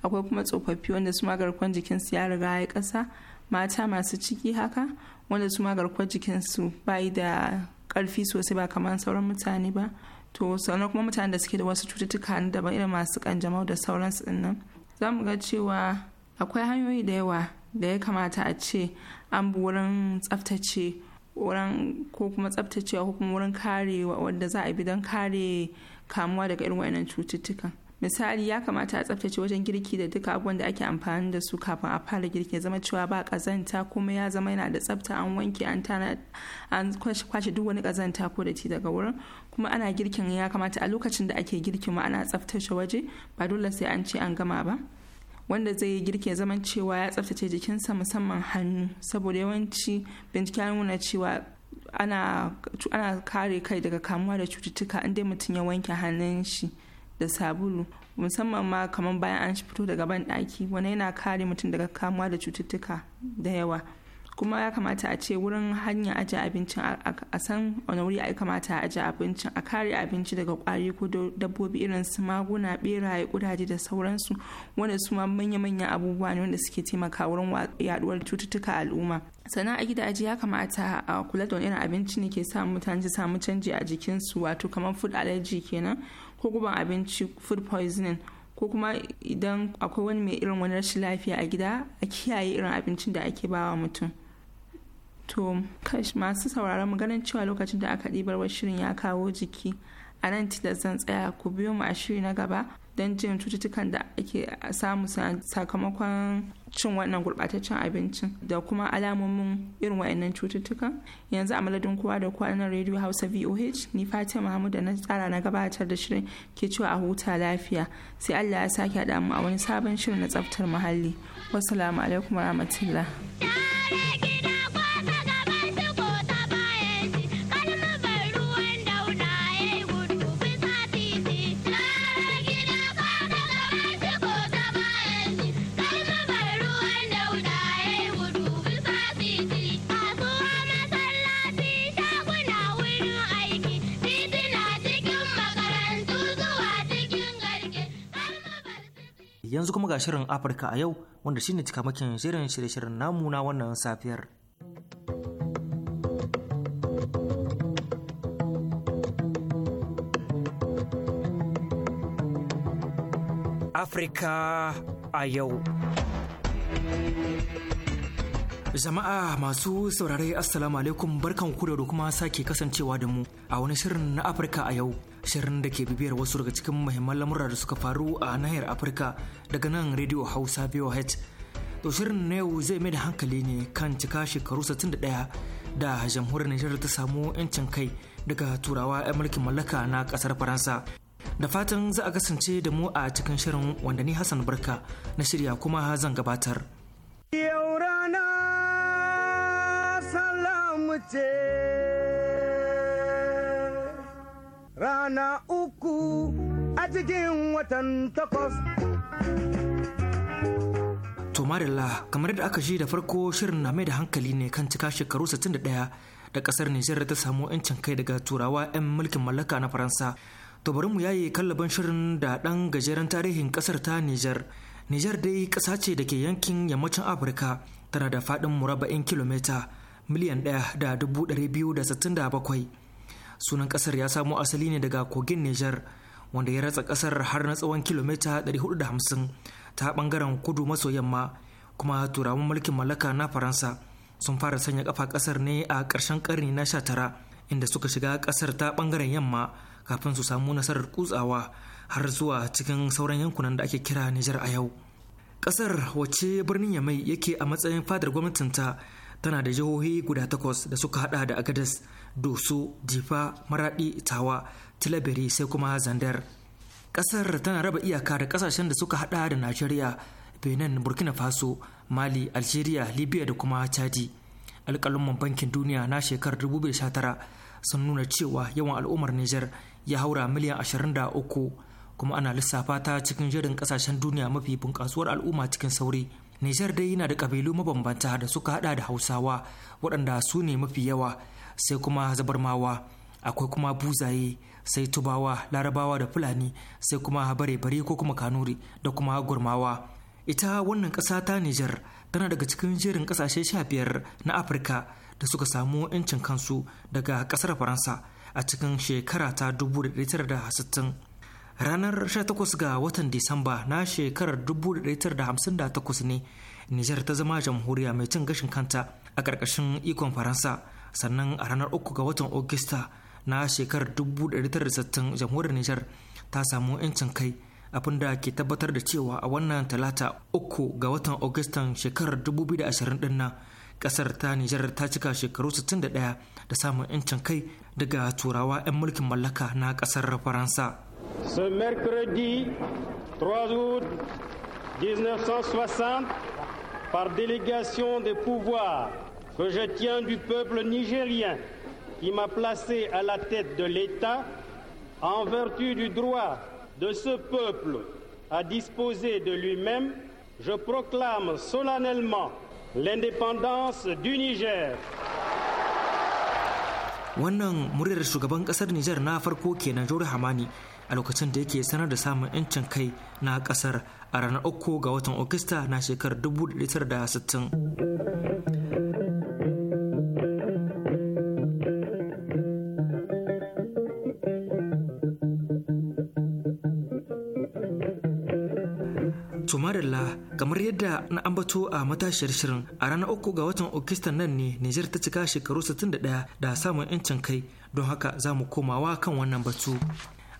akwai kuma tsofaffi wanda su ma garkuwar jikinsu ya riga ya ƙasa mata masu ciki haka wanda su ma garkuwar jikinsu bai da karfi sosai ba kamar sauran mutane ba to sannan kuma mutane da suke da wasu cututtuka na daban irin masu kanjamau da sauransu su nan za mu ga cewa akwai hanyoyi da yawa da ya kamata a ce an bi wurin tsaftace wurin ko kuma tsaftacewa ko kuma wurin kare wanda za a bi don kare kamuwa daga irin wayannan cututtukan misali ya kamata a tsaftace wajen girki da duka abubuwan da ake amfani da su kafin a fara girki zama cewa ba kazanta kuma ya zama yana da tsafta an wanke an tana an kwashe duk wani kazanta ko datti daga wurin kuma ana girkin ya kamata a lokacin da ake girkin ma ana tsaftace waje ba dole sai an ce an gama ba wanda zai yi girki ya zama cewa ya tsaftace jikinsa musamman hannu saboda yawanci bincike ya nuna cewa ana kare kai daga kamuwa da cututtuka inda mutum ya wanke hannun shi da sabulu musamman ma kamar bayan an fito daga ban ɗaki wani yana kare mutum daga kamuwa da cututtuka da yawa kuma ya kamata a ce wurin hanyar aje abincin a san wani wuri ya kamata a aje abincin a kare abinci daga kwari ko dabbobi irin su maguna beraye kudaje da sauransu wanda su ma manya-manyan abubuwa ne wanda suke taimaka wurin yaduwar cututtuka al'umma sannan a gidaje ya kamata a kula da wani irin abinci ne ke sa mutane su samu canji a jikinsu wato kamar food allergy kenan ko guban abinci food poisoning ko kuma idan akwai wani mai irin wani rashin lafiya a gida a kiyaye irin abincin da ake bawa mutum to masu sauraron maganin cewa lokacin da aka ɗibar shirin ya kawo jiki a nan da zan tsaya ku biyo mu a shiri na gaba don jin cututtukan da ake samu sakamakon cin wannan gurbataccen abincin da kuma alamomin irin wa'annan cututtukan yanzu a madadin kowa da kwanan na radio hausa voh ni fatima mahmud da na tsara na gabatar da shirin ke cewa a huta lafiya sai allah ya sake haɗa mu a wani sabon shirin na tsaftar muhalli wasu alaikum rahmatullah. yanzu kuma ga shirin Afirka a yau wanda shine cikamakin shirin shirye-shiryen namu na wannan safiyar. Afirka a yau. Jama'a masu saurare Assalamu alaikum barkan ku da kuma sake kasancewa da mu a wani shirin na Afirka a yau. Shirin da ke bibiyar wasu daga cikin muhimman lamura da suka faru a nahiyar Afirka daga nan Radio Hausa VOH. To shirin na yau zai mai da hankali ne kan cika shekaru 61 da jamhuriyar Nijar ta samu 'yancin kai daga turawa 'yan mulkin mallaka na kasar Faransa. Da fatan za a kasance da mu a cikin shirin wanda ni Hassan Barka na shirya kuma zan gabatar. Yau rana wuce rana uku a cikin watan takwas. Tomarilla kamar da aka shi da farko shirin na mai da hankali ne kan cika shekaru 61 da kasar Nijar ta samu 'yancin kai daga turawa 'yan mulkin mallaka na Faransa. To bari mu yaye kallaban shirin da ɗan gajeren tarihin kasar ta Nijar. Nijar dai ƙasa ce da ke yankin yammacin Afirka tana da faɗin murabba'in kilomita miliyan ɗaya da dubu bakwai sunan ƙasar ya samo asali ne daga kogin nijar wanda ya ratsa ƙasar har na tsawon kilomita 450 ta bangaren kudu maso yamma kuma turawan mulkin mallaka na faransa sun fara sanya kafa ƙasar ne a ƙarshen ƙarni na 19 inda suka shiga ƙasar ta bangaren yamma kafin su samu nasarar kutsawa har zuwa cikin sauran yankunan da ake kira nijar a yau. kasar wacce birnin yamai yake a matsayin fadar gwamnatinta tana da jihohi guda takwas da suka hada da agadas doso difa maradi tawa tilabiri sai kuma zandar kasar tana raba iyaka da kasashen da suka hada da najeriya benin burkina faso mali algeria libya da kuma chadi alkalumman bankin duniya na shekarar 2019 sun nuna cewa yawan al'ummar niger ya haura miliyan ashirin da uku kuma ana lissafa ta cikin jerin kasashen duniya mafi bunƙasuwar al'umma cikin sauri Nijar dai yana da kabilu mabambanta da suka hada da Hausawa waɗanda su ne mafi yawa sai kuma zabarmawa akwai kuma buzaye sai tubawa larabawa da fulani sai kuma bare-bare ko kuma kanuri da kuma gurmawa ita wannan ƙasa ta Nijar tana daga cikin jerin ƙasashe sha biyar na Afirka da suka samu 'yancin kansu daga ƙasar Faransa a cikin shekara ta 1960 ranar 18 ga watan disamba na shekarar 1958 ne nijar ta zama jamhuriya mai cin gashin kanta a ƙarƙashin ikon faransa sannan a ranar 3 ga watan ogista na shekarar 1960 jamhuriyar nijar ta samu 'yancin kai abin da ke tabbatar da cewa a wannan talata 3 ga watan ogustan shekarar 2020 din nan kasar ta nijar ta cika shekaru 61 da samun 'yancin kai daga turawa 'yan mulkin mallaka na kasar faransa Ce mercredi 3 août 1960, par délégation des pouvoirs que je tiens du peuple nigérien qui m'a placé à la tête de l'État, en vertu du droit de ce peuple à disposer de lui-même, je proclame solennellement l'indépendance du Niger. Wannan na Hamani a lokacin da yake sanar da samun 'yancin kai na kasar a ranar uku ga watan Okista na shekarar 1960. Tumarilla kamar yadda na ambato a matashiyar shirin a ranar uku ga watan Okistan nan ne Nijar ta cika shekaru 61 da samun 'yancin kai don haka za mu komawa kan wannan batu.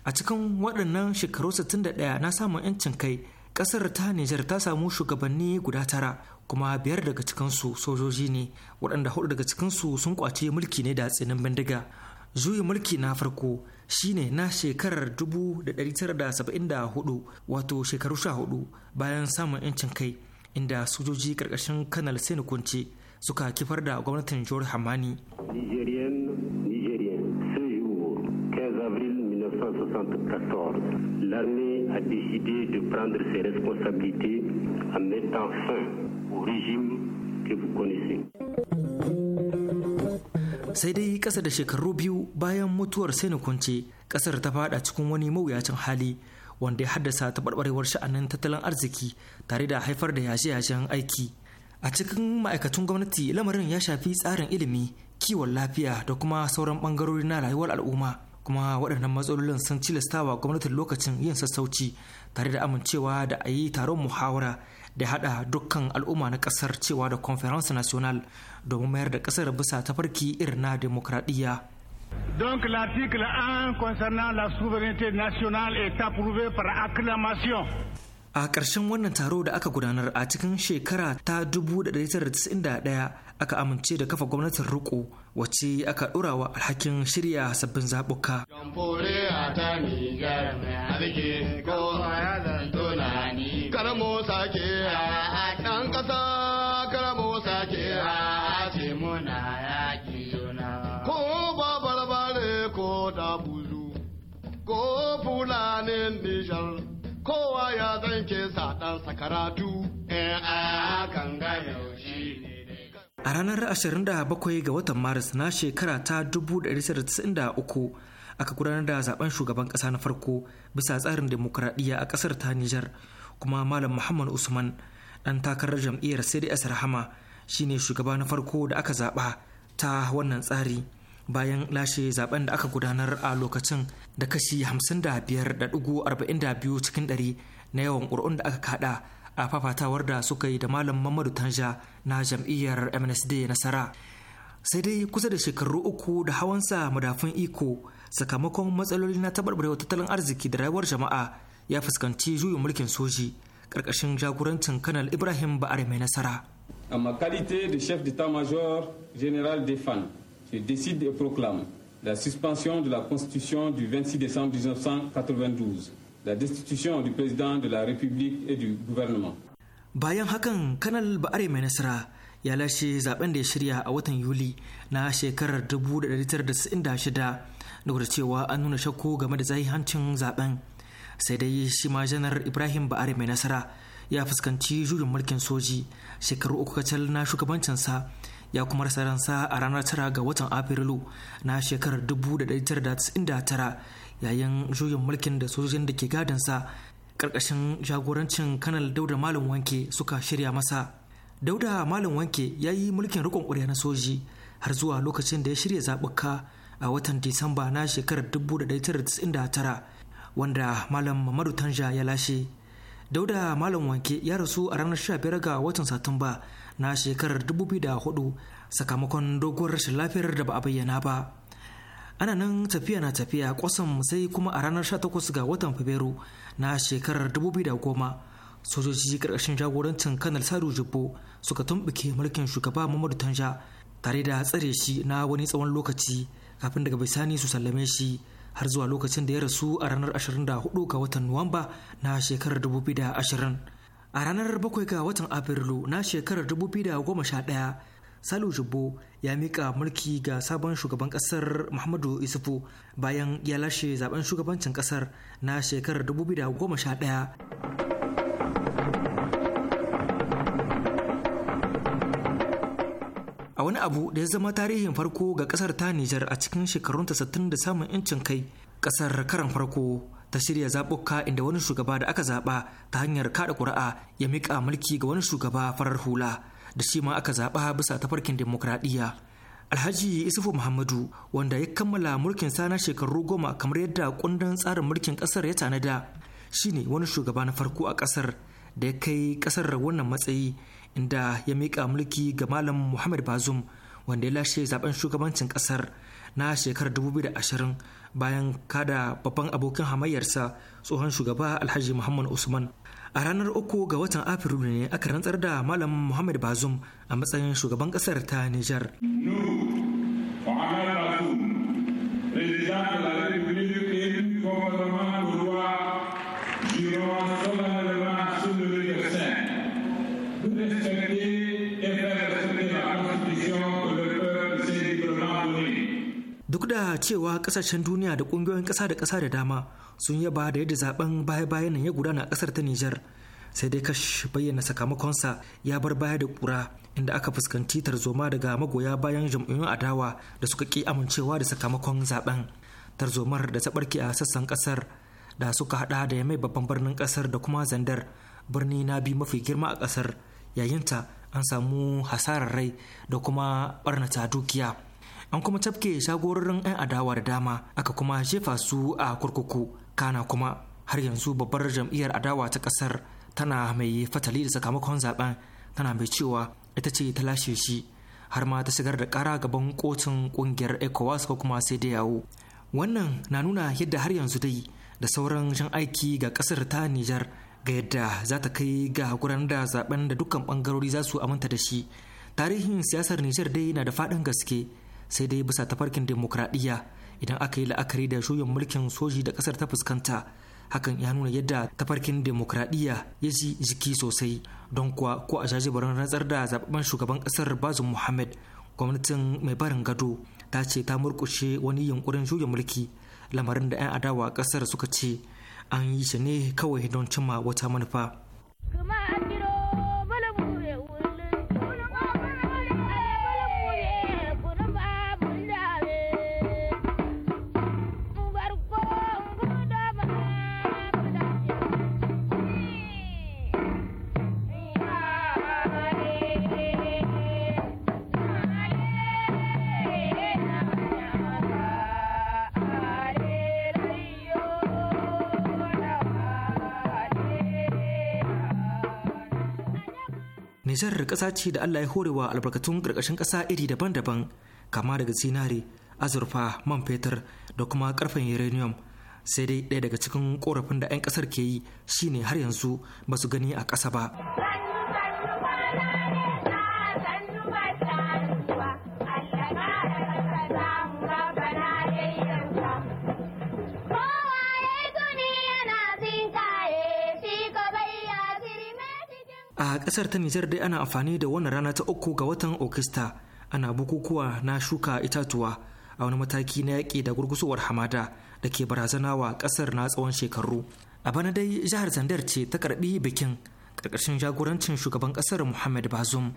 a cikin waɗannan shekaru 61 na samun 'yancin kai ƙasar ta nijar ta samu shugabanni guda tara kuma biyar daga cikinsu sojoji ne waɗanda hudu daga cikinsu sun kwace mulki ne da tsinin bindiga juyin mulki na farko shine na shekarar 1974 wato shekaru 14 bayan samun 'yancin kai inda sojoji ƙarƙashin kanal sai kunce suka kifar da gwamnatin jihar hamani nigerian nigerian 1974, l'armée a décidé de prendre ses responsabilités en mettant fin au régime que vous connaissez. sai dai kasa da shekaru biyu bayan mutuwar sai kunce kasar ta fada cikin wani mawuyacin hali wanda ya haddasa taɓarɓarewar sha'anin tattalin arziki tare da haifar da yashe-yashen aiki a cikin ma'aikatun gwamnati lamarin ya shafi tsarin ilimi kiwon lafiya da kuma sauran ɓangarori na rayuwar al'umma kuma waɗannan matsalolin sun cilastawa gwamnatin lokacin yin sassauci tare da amincewa da a yi taron muhawara da haɗa dukkan al'umma na ƙasar cewa da conference national domin mayar da ƙasar bisa tafarki irin na demokradiyya Donc l'article 1 concernant la souveraineté nationale est approuvé par acclamation. a ƙarshen wannan taro da aka gudanar a cikin shekara ta 1991 aka amince da kafa gwamnatin riko wace aka ɗora wa alhakin shirya sabbin zaɓuka. Karamo sake a Ko ko fulanin Nijar. kowa ya zanke sa ɗansa karatu eh, a ranar 27 ga watan maris na shekara ta 1993 aka gudanar da zaben shugaban kasa na farko bisa tsarin demokuraɗiyya a ƙasar ta nijar kuma malam muhammad usman ɗan takarar jam'iyyar cds rahama shine shugaba na farko da aka zaba ta wannan tsari bayan lashe zaben da aka gudanar a lokacin da kashi 55.42 cikin ɗari na yawan ƙuri'un da aka kada a fafatawar da suka yi da malam mamadu tanja na jam'iyyar msd nasara sai dai kusa da shekaru uku da hawansa madafun iko sakamakon matsaloli na taɓarɓarewa tattalin arziki da rayuwar jama'a ya fuskanci juyin mulkin soji ƙarƙashin jagorancin kanal ibrahim ba'ar mai nasara a ma da de chef d'état-major general defan je décide et proclame la suspension de la Constitution du 26 décembre 1992, la destitution du président de la République et du gouvernement. Bayan hakan, Kanal Ba'are mai nasara ya lashe zaben da ya shirya a watan Yuli na shekarar 1996 da cewa an nuna shakku game da zahihancin zaben. Sai dai shi ma janar Ibrahim Ba'are mai nasara ya fuskanci juyin mulkin soji shekaru uku kacal na shugabancinsa ya kuma rasa ransa a ranar tara ga watan afrilu na shekarar 1999 yayin juyin mulkin da sojojin da ke gadansa karkashin jagorancin kanal dauda malam wanke suka shirya masa dauda malam wanke ya yi mulkin rikon ƙwarya na soji har zuwa lokacin da ya shirya zaɓuka a watan disamba na shekarar 1999 wanda malam mamadu tanja ya lashe dauda malam wanke ya rasu a ranar 15 ga watan satumba na shekarar 2004 sakamakon doguwar rashin lafiyar da ba a bayyana ba ana nan tafiya na tafiya kwasan sai kuma a ranar 18 ga watan fabrairu na shekarar 2010 sojoji karkashin jagorancin kanal sadu jibbo suka tumbuke mulkin shugaba mamadu tanja tare da tsare shi na wani tsawon lokaci kafin daga bisani su sallame shi har zuwa lokacin da ya rasu a ranar 24 ga watan nuwamba na shekarar 2020 a ranar bakwai ga watan afrilu na shekarar 2011 salu jubbo ya mika mulki ga sabon shugaban kasar muhammadu isufu bayan ya lashe zaben shugabancin kasar na shekarar 2011 a wani abu da ya zama tarihin farko ga kasar ta Nijar a cikin shekarunta 60 da samun incin kai kasar karan farko ta shirya zaɓuka inda wani shugaba da aka zaɓa ta hanyar kaɗa ƙuri'a ya mika mulki ga wani shugaba farar hula da shi ma aka zaɓa bisa tafarkin demokradiyya. Alhaji Isufu Muhammadu wanda ya kammala mulkin sana shekaru goma kamar yadda kundin tsarin mulkin ƙasar ya tanada shine wani shugaba na farko a ƙasar da ya kai ƙasar wannan matsayi inda ya miƙa mulki ga Malam Muhammad Bazum wanda ya lashe zaben shugabancin ƙasar na shekarar 2020 bayan kada babban abokin hamayyarsa tsohon shugaba alhaji muhammad usman a ranar uku ga watan afrilu ne aka rantsar da malam muhammad bazum a matsayin shugaban kasar ta nijar. da cewa kasashen duniya da kungiyoyin kasa da kasa da dama sun yaba da yadda zaben baya-bayan nan ya gudana a kasar ta Nijar sai dai kash bayyana sakamakonsa ya bar baya da kura inda aka fuskanci tarzoma daga magoya bayan jam'iyyun adawa da suka ki amincewa da sakamakon zaben tarzomar da ta barke a sassan kasar da suka hada da ya mai babban birnin kasar da kuma zandar birni na bi mafi girma a kasar yayinta an samu hasarar rai da kuma barnata dukiya an kuma tafke shagororin 'yan adawa da dama aka kuma jefa su a kurkuku kana kuma har yanzu babbar jam'iyyar adawa ta kasar tana mai fatali da sakamakon zaben tana mai cewa ita ce ta lashe shi har ma ta shigar da kara gaban kotun kungiyar ecowas ko kuma sai da yawo wannan na nuna yadda har yanzu dai da sauran jan aiki ga kasar ta nijar ga yadda za ta kai ga gudanar da zaben da dukkan bangarori za su aminta da shi tarihin siyasar nijar dai na da fadin gaske sai dai bisa tafarkin demokradiyya idan aka yi la'akari da juyin mulkin soji da kasar ta fuskanta hakan ya nuna yadda tafarkin demokradiyya ya ji jiki sosai don kuwa ko a jajibarin rantsar da zababben shugaban kasar bazu muhammad gwamnatin mai barin gado ta ce ta murkushe wani yunkurin juya mulki lamarin da 'yan adawa kasar suka ce an yi shi ne kawai don cimma wata manufa. Nijar ƙasa ce da Allah ya horewa albarkatun ƙarƙashin ƙasa iri daban-daban kama daga zinare, azurfa, man fetur da kuma ƙarfen uranium. Sai dai ɗaya daga cikin ƙorafin da 'yan ƙasar ke yi shine har yanzu ba su gani a ƙasa ba. a ƙasar ta nijar dai ana amfani da wannan rana ta uku ga watan okista ana bukukuwa na shuka itatuwa a wani mataki na yaƙi da gurgusowar hamada da ke barazana wa ƙasar na tsawon shekaru a bana dai jihar zandar ce ta karɓi bikin ƙarƙashin jagorancin shugaban ƙasar muhammad bazum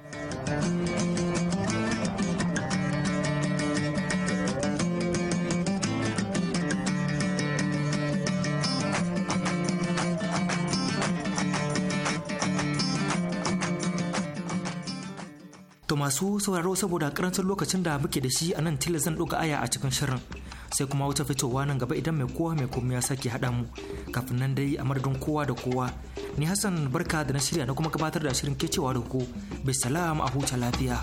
masu sauraro saboda karancin lokacin da muke da shi a nan zan ɗoga aya a cikin shirin sai kuma wata fitowa nan gaba idan mai kowa mai komai ya sake haɗa mu kafin nan dai a madadin kowa da kowa ni hassan barka da na shirya na kuma gabatar da shirin ke cewa da ku bai bisalam a huta lafiya.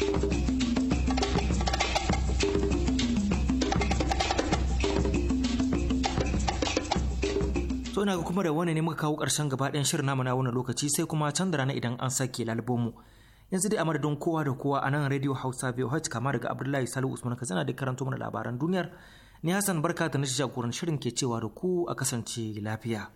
sau na ga kuma da wani ne muka kawo ƙarshen gaba ɗayan shirin namu na wannan lokaci sai kuma canza rana idan an sake lalbomu. mu. yanzu dai a madadin kowa da kowa a nan radio hausa voh kama daga abdullahi salihu usman ka zana da karanto mana labaran duniyar ni hassan barka da na jagoran shirin ke cewa da ku a kasance lafiya